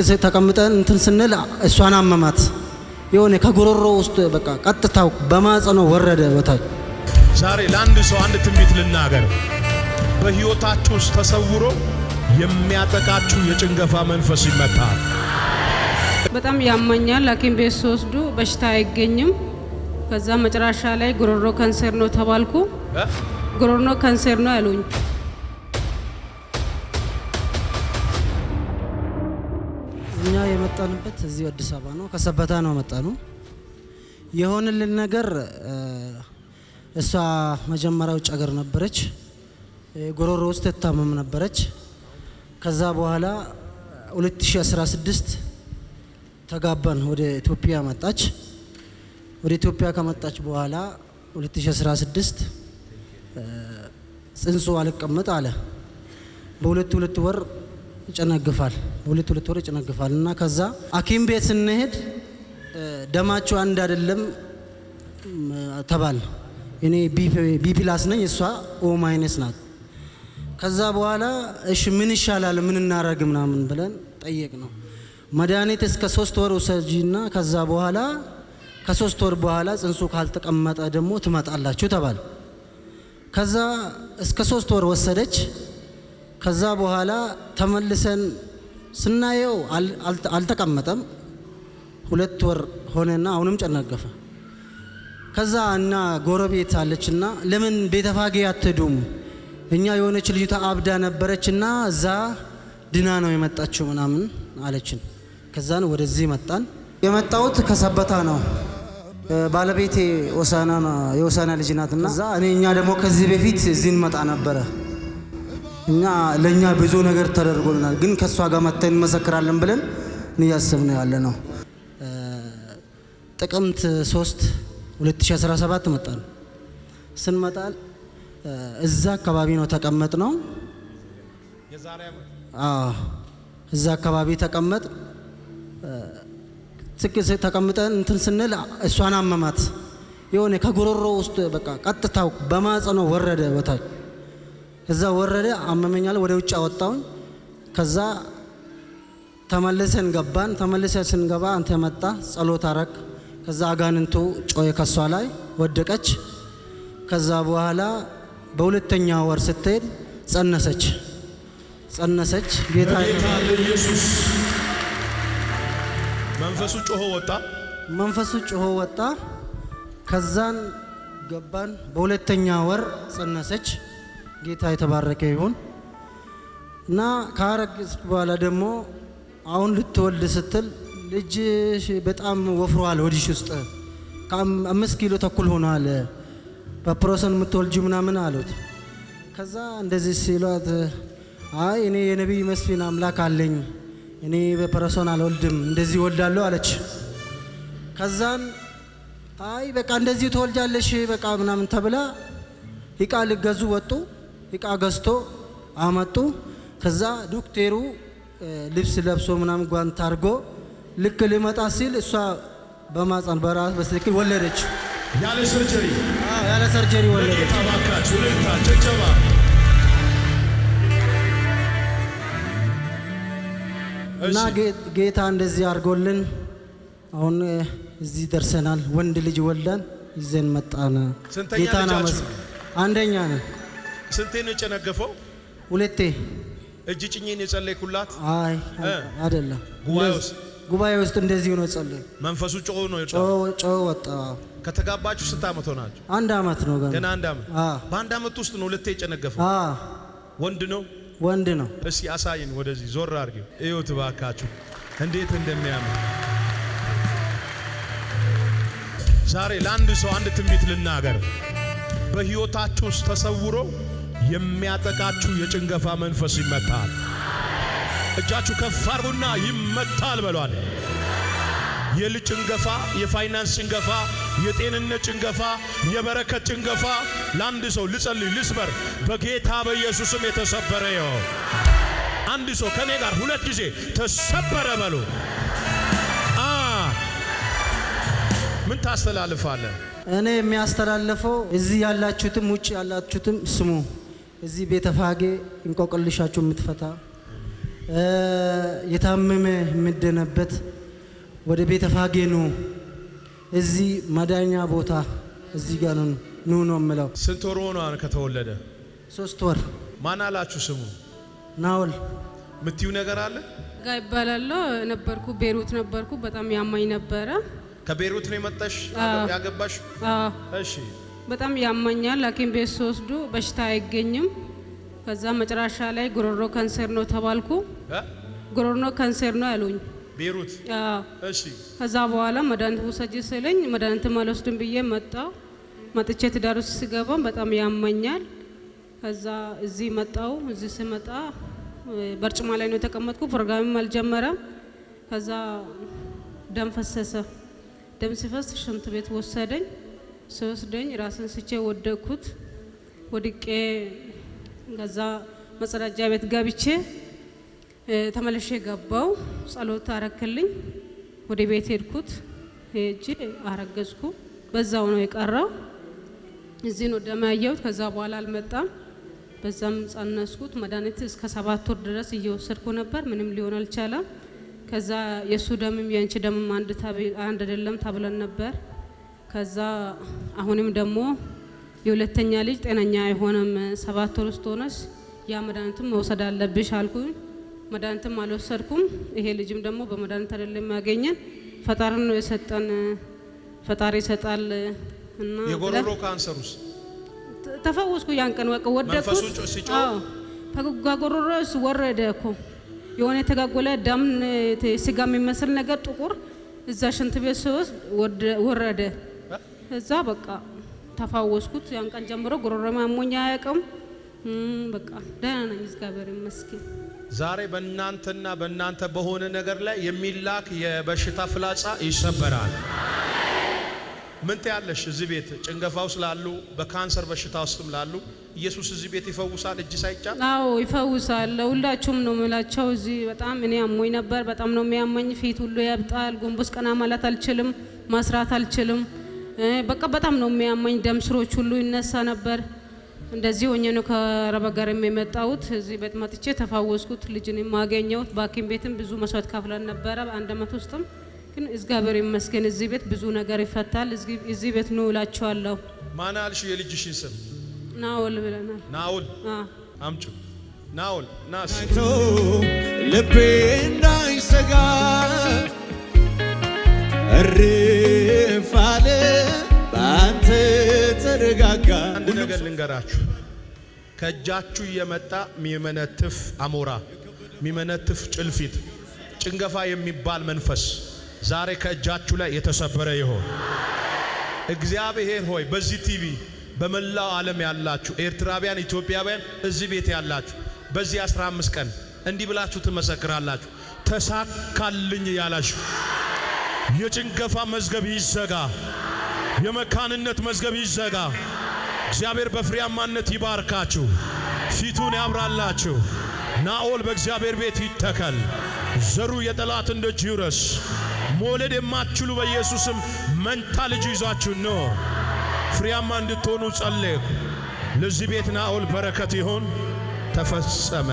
ጥቂት ተቀምጠን እንትን ስንል እሷን አመማት። የሆነ ከጉሮሮ ውስጥ በቃ ቀጥታው በማጸኖ ወረደ በታች። ዛሬ ለአንድ ሰው አንድ ትንቢት ልናገር። በሕይወታችሁ ውስጥ ተሰውሮ የሚያጠቃችሁ የጭንገፋ መንፈስ ይመታል። በጣም ያመኛል። ሐኪም ቤት ስወስዱ በሽታ አይገኝም። ከዛ መጨረሻ ላይ ጉሮሮ ካንሰር ነው ተባልኩ። ጉሮሮ ካንሰር ነው ያሉኝ። የመጣንበት እዚሁ አዲስ አበባ ነው። ከሰበታ ነው መጣ ነው የሆንልን ነገር እሷ መጀመሪያ ውጭ ሀገር ነበረች። ጎሮሮ ውስጥ ትታመም ነበረች። ከዛ በኋላ 2016 ተጋባን፣ ወደ ኢትዮጵያ መጣች። ወደ ኢትዮጵያ ከመጣች በኋላ 2016 ጽንሱ አልቀመጥ አለ። በሁለት ሁለት ወር ይጨነግፋል። ሁለት ሁለት ወር ይጨነግፋል እና ከዛ ሐኪም ቤት ስንሄድ ደማቸው አንድ አይደለም ተባል። እኔ ቢ ፕላስ ነኝ፣ እሷ ኦ ማይነስ ናት። ከዛ በኋላ እሺ ምን ይሻላል ምን እናረግ ምናምን ብለን ጠየቅ ነው። መድኃኒት እስከ ሶስት ወር ውሰጂና ከዛ በኋላ ከሶስት ወር በኋላ ጽንሱ ካልተቀመጠ ደግሞ ትመጣላችሁ ተባል። ከዛ እስከ ሶስት ወር ወሰደች። ከዛ በኋላ ተመልሰን ስናየው አልተቀመጠም። ሁለት ወር ሆነና አሁንም ጨነገፈ። ከዛ እና ጎረቤት አለችና ለምን ቤተፋጌ አትሄዱም? እኛ የሆነች ልጅቷ አብዳ ነበረችና እዛ ድና ነው የመጣችው ምናምን አለችን። ከዛን ወደዚህ መጣን። የመጣሁት ከሰበታ ነው። ባለቤቴ የወሳና ልጅ ናትና እዛ እኔ እኛ ደግሞ ከዚህ በፊት እዚህ እንመጣ ነበረ እኛ ለእኛ ብዙ ነገር ተደርጎልናል፣ ግን ከእሷ ጋር መተን እንመሰክራለን ብለን እያሰብን ያለ ነው። ጥቅምት 3 2017 መጣን። ስንመጣ እዛ አካባቢ ነው ተቀመጥ ነው እዛ አካባቢ ተቀመጥ ትክስ ተቀምጠን እንትን ስንል እሷን አመማት። የሆነ ከጉሮሮ ውስጥ በቃ ቀጥታው በማጸኖ ወረደ በታች እዛ ወረደ፣ አመመኛል፣ ወደ ውጭ አወጣውን። ከዛ ተመልሰን ገባን። ተመልሰ ስንገባ አንተ መጣ ጸሎት አረክ። ከዛ አጋንንቱ ጮየ ከሷ ላይ ወደቀች። ከዛ በኋላ በሁለተኛ ወር ስትሄድ ጸነሰች ጸነሰች። ጌታ ኢየሱስ መንፈሱ ጮሆ ወጣ፣ መንፈሱ ጮሆ ወጣ። ከዛን ገባን። በሁለተኛ ወር ጸነሰች። ጌታ የተባረከ ይሁን እና ካረገዝኩ በኋላ ደግሞ አሁን ልትወልድ ስትል ልጅ በጣም ወፍሯል፣ ወዲሽ ውስጥ አምስት ኪሎ ተኩል ሆኗል፣ በፕሮሰን የምትወልጅ ምናምን አሉት። ከዛ እንደዚህ ሲሏት አይ እኔ የነቢይ መስፍን አምላክ አለኝ፣ እኔ በፕሮሰን አልወልድም፣ እንደዚህ ወልዳለሁ አለች። ከዛን አይ በቃ እንደዚህ ትወልጃለሽ በቃ ምናምን ተብላ ይቃ ልገዙ ወጡ። እቃ ገዝቶ አመጡ። ከዛ ዶክተሩ ልብስ ለብሶ ምናምን ጓንት አድርጎ ልክ ሊመጣ ሲል እሷ በማህፀን በራስ በትክክል ወለደች። ያለ ሰርጀሪ ያለ ሰርጀሪ ወለደች። እና ጌታ እንደዚህ አድርጎልን አሁን እዚህ ደርሰናል። ወንድ ልጅ ወልደን ይዘን መጣን። ጌታን አንደኛ ነው። ስንቴ ነው የጨነገፈው? ሁለቴ እጅ ጭኝን የጸለይኩላት። አይ አይደለም፣ ጉባኤ ውስጥ ጉባኤ ውስጥ እንደዚህ ነው ጸለይ። መንፈሱ ጮሆ ነው ጮሆ ወጣ። ከተጋባችሁ ስንት አመት ሆናችሁ? አንድ አመት ነው ገና አንድ አመት። በአንድ አመት ውስጥ ነው ሁለቴ የጨነገፈው። ወንድ ነው ወንድ ነው። እስኪ አሳይን፣ ወደዚህ ዞር አድርጊው፣ እዩት እባካችሁ እንዴት እንደሚያምር ዛሬ ለአንድ ሰው አንድ ትንቢት ልናገር። በሕይወታችሁ ውስጥ ተሰውሮ የሚያጠቃችሁ የጭንገፋ መንፈስ ይመታል። እጃችሁ ከፍ አርጉና ይመታል በሏል። የልጅ ጭንገፋ፣ የፋይናንስ ጭንገፋ፣ የጤንነት ጭንገፋ፣ የበረከት ጭንገፋ ለአንድ ሰው ልጸልይ ልስበር። በጌታ በኢየሱስም የተሰበረ ይው። አንድ ሰው ከኔ ጋር ሁለት ጊዜ ተሰበረ በሉ። ምን ታስተላልፋለህ? እኔ የሚያስተላልፈው እዚህ ያላችሁትም ውጭ ያላችሁትም ስሙ። እዚህ ቤተፋጌ እንቆቅልሻችሁ የምትፈታ የታመመ የምደነበት ወደ ቤተፋጌ ኑ። እዚህ መዳኛ ቦታ እዚህ ጋር ነው ኑ ነው የምለው። ስንት ወር ሆኗ ከተወለደ? ሶስት ወር። ማን አላችሁ ስሙ? ናውል ምትዩ ነገር አለ ጋ ይባላለሁ። ነበርኩ ቤሩት ነበርኩ። በጣም ያማኝ ነበረ። ከቤሩት ነው የመጣሽ ያገባሽ? እሺ በጣም ያመኛል። ሐኪም ቤት ስወስዱ በሽታ አይገኝም። ከዛ መጨረሻ ላይ ጉሮሮ ካንሰር ነው ተባልኩ። ጉሮሮ ካንሰር ነው ያሉኝ ቤሩት። እሺ። ከዛ በኋላ መድኃኒት ውሰጂ ስለኝ መድኃኒትም አልወስድም ብዬ መጣ መጥቼ ትዳር ውስጥ ስገባም በጣም ያመኛል። ከዛ እዚህ መጣው። እዚህ ስመጣ በርጭማ ላይ ነው የተቀመጥኩ። ፕሮግራምም አልጀመረም። ከዛ ደም ፈሰሰ። ደም ሲፈስ ሽንት ቤት ወሰደኝ። ሲወስደኝ ራስን ስቼ ወደኩት ወድቄ ከዛ መጸዳጃ ቤት ገብቼ ተመልሼ ገባው። ጸሎት አረክልኝ። ወደ ቤት ሄድኩት። ሄጄ አረገዝኩ። በዛው ነው የቀረው። እዚህ ነው ደም ያየሁት። ከዛ በኋላ አልመጣም። በዛም ጸነስኩት። መድኃኒት እስከ ሰባት ወር ድረስ እየወሰድኩ ነበር። ምንም ሊሆን አልቻለም። ከዛ የእሱ ደምም የአንቺ ደምም አንድ አይደለም ተብለን ነበር ከዛ አሁንም ደግሞ የሁለተኛ ልጅ ጤነኛ አይሆንም፣ ሰባት ወር ውስጥ ሆነሽ ያ መድኃኒቱም መውሰድ አለብሽ አልኩኝ። መድኃኒትም አልወሰድኩም። ይሄ ልጅም ደግሞ በመድኃኒት አይደለም ያገኘን፣ ፈጣሪ ነው የሰጠን፣ ፈጣሪ ይሰጣል እና የጎሮሮ ካንሰሩስ ተፈወስኩ። ያን ቀን በቃ ወደቅኩት። አዎ ከጓጎሮሮስ ወረደ እኮ የሆነ የተጋጎለ ደም ስጋ የሚመስል ነገር ጥቁር እዛ ሽንት ቤት ስወስድ ወረደ። እዛ በቃ ተፋወስኩት። ያን ቀን ጀምሮ ጉሮሮማ አሞኝ አያውቅም። በቃ ደህና ነኝ፣ እግዚአብሔር ይመስገን። ዛሬ በእናንተና በእናንተ በሆነ ነገር ላይ የሚላክ የበሽታ ፍላጻ ይሰበራል። ምን ትያለሽ? እዚህ ቤት ጭንገፋ ውስጥ ላሉ፣ በካንሰር በሽታ ውስጥም ላሉ ኢየሱስ እዚህ ቤት ይፈውሳል። እጅ ሳይጫን አዎ ይፈውሳል። ለሁላችሁም ነው ምላቸው። እዚህ በጣም እኔ አሞኝ ነበር። በጣም ነው የሚያመኝ። ፊት ሁሉ ያብጣል። ጎንበስ ቀና ማለት አልችልም። ማስራት አልችልም። በቃ በጣም ነው የሚያመኝ። ደም ስሮች ሁሉ ይነሳ ነበር። እንደዚህ ሆኜ ነው ከረባ ጋር የሚመጣሁት። እዚህ ቤት መጥቼ ተፋወስኩት፣ ልጅን ማገኘሁት። በሐኪም ቤትም ብዙ መስዋዕት ከፍለን ነበረ። አንድ አመት ውስጥም ግን እግዚአብሔር ይመስገን እዚህ ቤት ብዙ ነገር ይፈታል። እዚህ ቤት ነው እላቸዋለሁ። ማን አልሽ የልጅሽን ስም? ናውል ብለናል። ናውል አምጩ ናውል ናስቶ ልቤ እንዳይሰጋ ነገር ልንገራችሁ፣ ከእጃችሁ እየመጣ ሚመነትፍ አሞራ፣ ሚመነትፍ ጭልፊት፣ ጭንገፋ የሚባል መንፈስ ዛሬ ከእጃችሁ ላይ የተሰበረ ይሆን። እግዚአብሔር ሆይ በዚህ ቲቪ በመላው ዓለም ያላችሁ ኤርትራውያን፣ ኢትዮጵያውያን እዚህ ቤት ያላችሁ በዚህ 15 ቀን እንዲህ ብላችሁ ትመሰክራላችሁ። ተሳካልኝ ያላችሁ የጭንገፋ መዝገብ ይዘጋ፣ የመካንነት መዝገብ ይዘጋ። እግዚአብሔር በፍሬያማነት ይባርካችሁ፣ ፊቱን ያብራላችሁ። ናኦል በእግዚአብሔር ቤት ይተከል፣ ዘሩ የጠላት ደጅ ይውረስ። መውለድ የማትችሉ በኢየሱስም መንታ ልጅ ይዟችሁ ነው ፍሬያማ እንድትሆኑ ጸለይኩ። ለዚህ ቤት ናኦል በረከት ይሆን። ተፈጸመ።